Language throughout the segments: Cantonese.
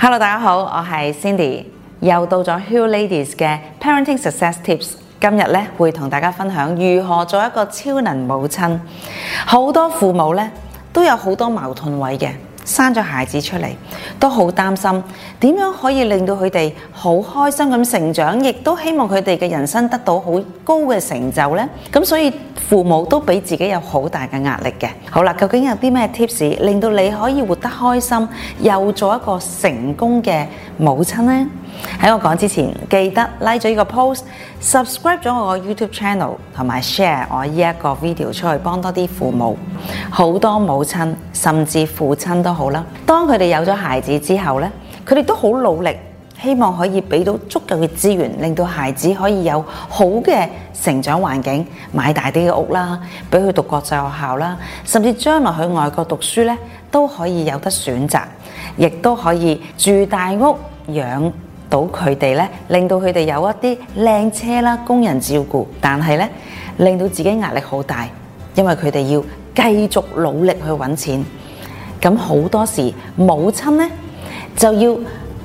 Hello，大家好，我係 Cindy，又到咗 Hero Ladies 嘅 Parenting Success Tips，今日呢，會同大家分享如何做一個超能母親。好多父母呢，都有好多矛盾位嘅。生咗孩子出嚟都好擔心，點樣可以令到佢哋好開心咁成長，亦都希望佢哋嘅人生得到好高嘅成就咧？咁所以父母都俾自己有好大嘅壓力嘅。好啦，究竟有啲咩 tips 令到你可以活得開心，又做一個成功嘅母親咧？喺我講之前，記得 like 咗呢個 post，subscribe 咗我個 YouTube channel，同埋 share 我呢一個 video 出去，幫多啲父母、好多母親甚至父親都好啦。當佢哋有咗孩子之後咧，佢哋都好努力，希望可以俾到足夠嘅資源，令到孩子可以有好嘅成長環境，買大啲嘅屋啦，俾佢讀國際學校啦，甚至將來去外國讀書咧都可以有得選擇，亦都可以住大屋養到佢哋咧，令到佢哋有一啲靚車啦，工人照顧。但係咧，令到自己壓力好大，因為佢哋要繼續努力去揾錢。咁好多時，母親咧就要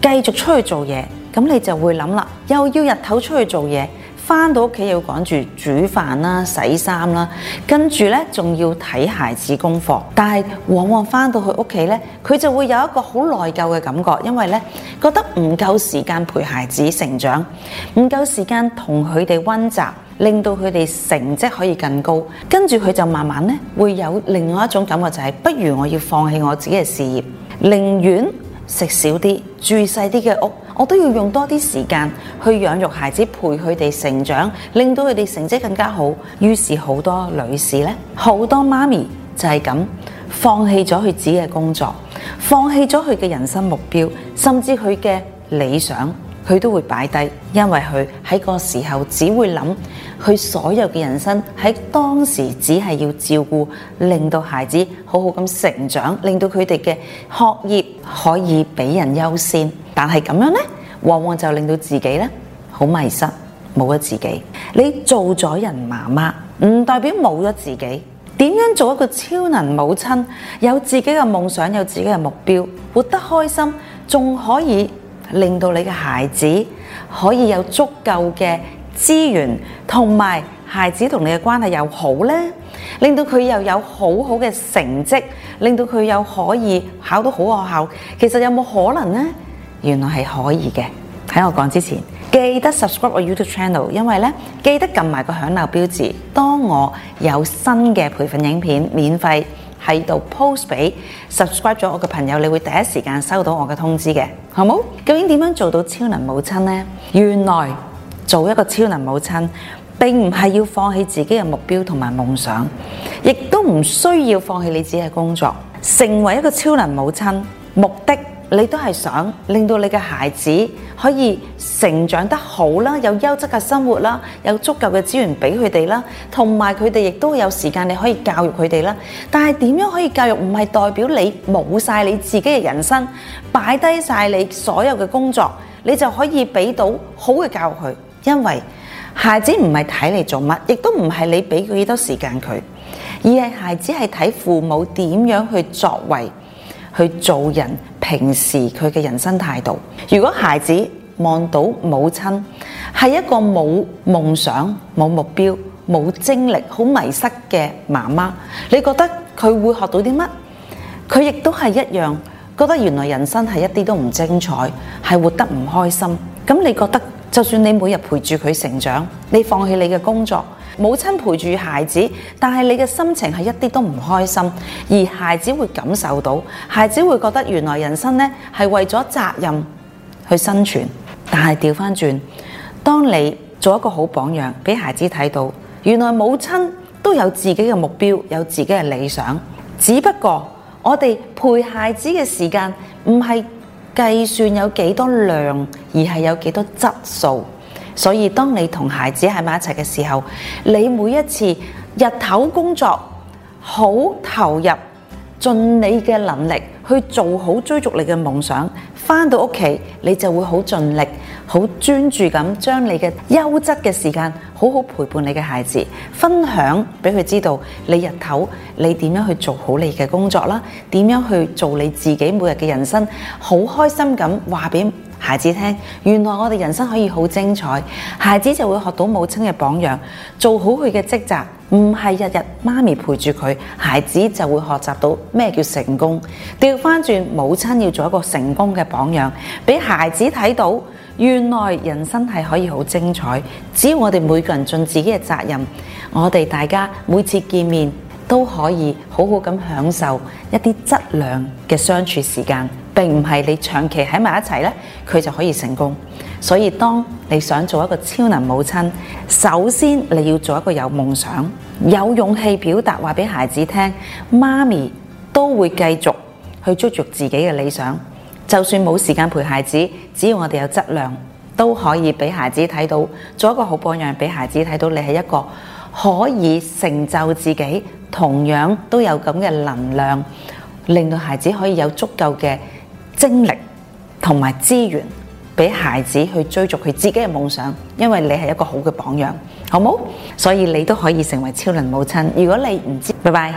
繼續出去做嘢。咁你就會諗啦，又要日頭出去做嘢。翻到屋企要趕住煮飯啦、洗衫啦，跟住呢仲要睇孩子功課。但係往往翻到佢屋企呢，佢就會有一個好內疚嘅感覺，因為呢覺得唔夠時間陪孩子成長，唔夠時間同佢哋温習，令到佢哋成績可以更高。跟住佢就慢慢呢會有另外一種感覺，就係不如我要放棄我自己嘅事業，寧願食少啲、住細啲嘅屋。我都要用多啲時間去養育孩子，陪佢哋成長，令到佢哋成績更加好。於是好多女士咧，好多媽咪就係咁放棄咗佢自己嘅工作，放棄咗佢嘅人生目標，甚至佢嘅理想。佢都會擺低，因為佢喺個時候只會諗佢所有嘅人生喺當時只係要照顧，令到孩子好好咁成長，令到佢哋嘅學業可以俾人優先。但係咁樣呢，往往就令到自己呢好迷失，冇咗自己。你做咗人媽媽，唔代表冇咗自己。點樣做一個超能母親？有自己嘅夢想，有自己嘅目標，活得開心，仲可以，令到你嘅孩子可以有足夠嘅資源，同埋孩子同你嘅關係又好呢？令到佢又有好好嘅成績，令到佢又可以考到好學校。其實有冇可能呢？原來係可以嘅。喺我講之前，記得 subscribe 我 YouTube channel，因為呢，記得撳埋個響鬧標誌。當我有新嘅培訓影片，免費。喺度 post 俾 subscribe 咗我嘅朋友，你會第一時間收到我嘅通知嘅，好冇？究竟點樣做到超能母親咧？原來做一個超能母親，並唔係要放棄自己嘅目標同埋夢想，亦都唔需要放棄你自己嘅工作，成為一個超能母親，目的。你都係想令到你嘅孩子可以成長得好啦，有優質嘅生活啦，有足夠嘅資源俾佢哋啦，同埋佢哋亦都有時間你可以教育佢哋啦。但係點樣可以教育？唔係代表你冇晒你自己嘅人生，擺低晒你所有嘅工作，你就可以俾到好嘅教育佢。因為孩子唔係睇你做乜，亦都唔係你俾佢幾多時間佢，而係孩子係睇父母點樣去作為，去做人。平時佢嘅人生態度，如果孩子望到母親係一個冇夢想、冇目標、冇精力、好迷失嘅媽媽，你覺得佢會學到啲乜？佢亦都係一樣，覺得原來人生係一啲都唔精彩，係活得唔開心。咁你覺得，就算你每日陪住佢成長，你放棄你嘅工作？母親陪住孩子，但係你嘅心情係一啲都唔開心，而孩子會感受到，孩子會覺得，原來人生呢係為咗責任去生存。但係掉返轉，當你做一個好榜樣，俾孩子睇到，原來母親都有自己嘅目標，有自己嘅理想。只不過我哋陪孩子嘅時間唔係計算有幾多量，而係有幾多質素。所以，當你同孩子喺埋一齊嘅時候，你每一次日頭工作好投入，盡你嘅能力去做好追逐你嘅夢想。返到屋企，你就會好盡力、好專注咁將你嘅優質嘅時間好好陪伴你嘅孩子，分享俾佢知道你日頭你點樣去做好你嘅工作啦，點樣去做你自己每日嘅人生，好開心咁話俾孩子聽，原來我哋人生可以好精彩，孩子就會學到母親嘅榜樣，做好佢嘅職責，唔係日日媽咪陪住佢，孩子就會學習到咩叫成功。調翻轉，母親要做一個成功嘅榜樣，俾孩子睇到，原來人生係可以好精彩，只要我哋每個人盡自己嘅責任，我哋大家每次見面。都可以好好咁享受一啲質量嘅相處時間，並唔係你長期喺埋一齊呢，佢就可以成功。所以當你想做一個超能母親，首先你要做一個有夢想、有勇氣表達話俾孩子聽，媽咪都會繼續去追逐自己嘅理想。就算冇時間陪孩子，只要我哋有質量，都可以俾孩子睇到，做一個好榜樣俾孩子睇到，你係一個。可以成就自己，同樣都有咁嘅能量，令到孩子可以有足夠嘅精力同埋資源，畀孩子去追逐佢自己嘅夢想。因為你係一個好嘅榜樣，好冇？所以你都可以成為超能母親。如果你唔知，拜拜。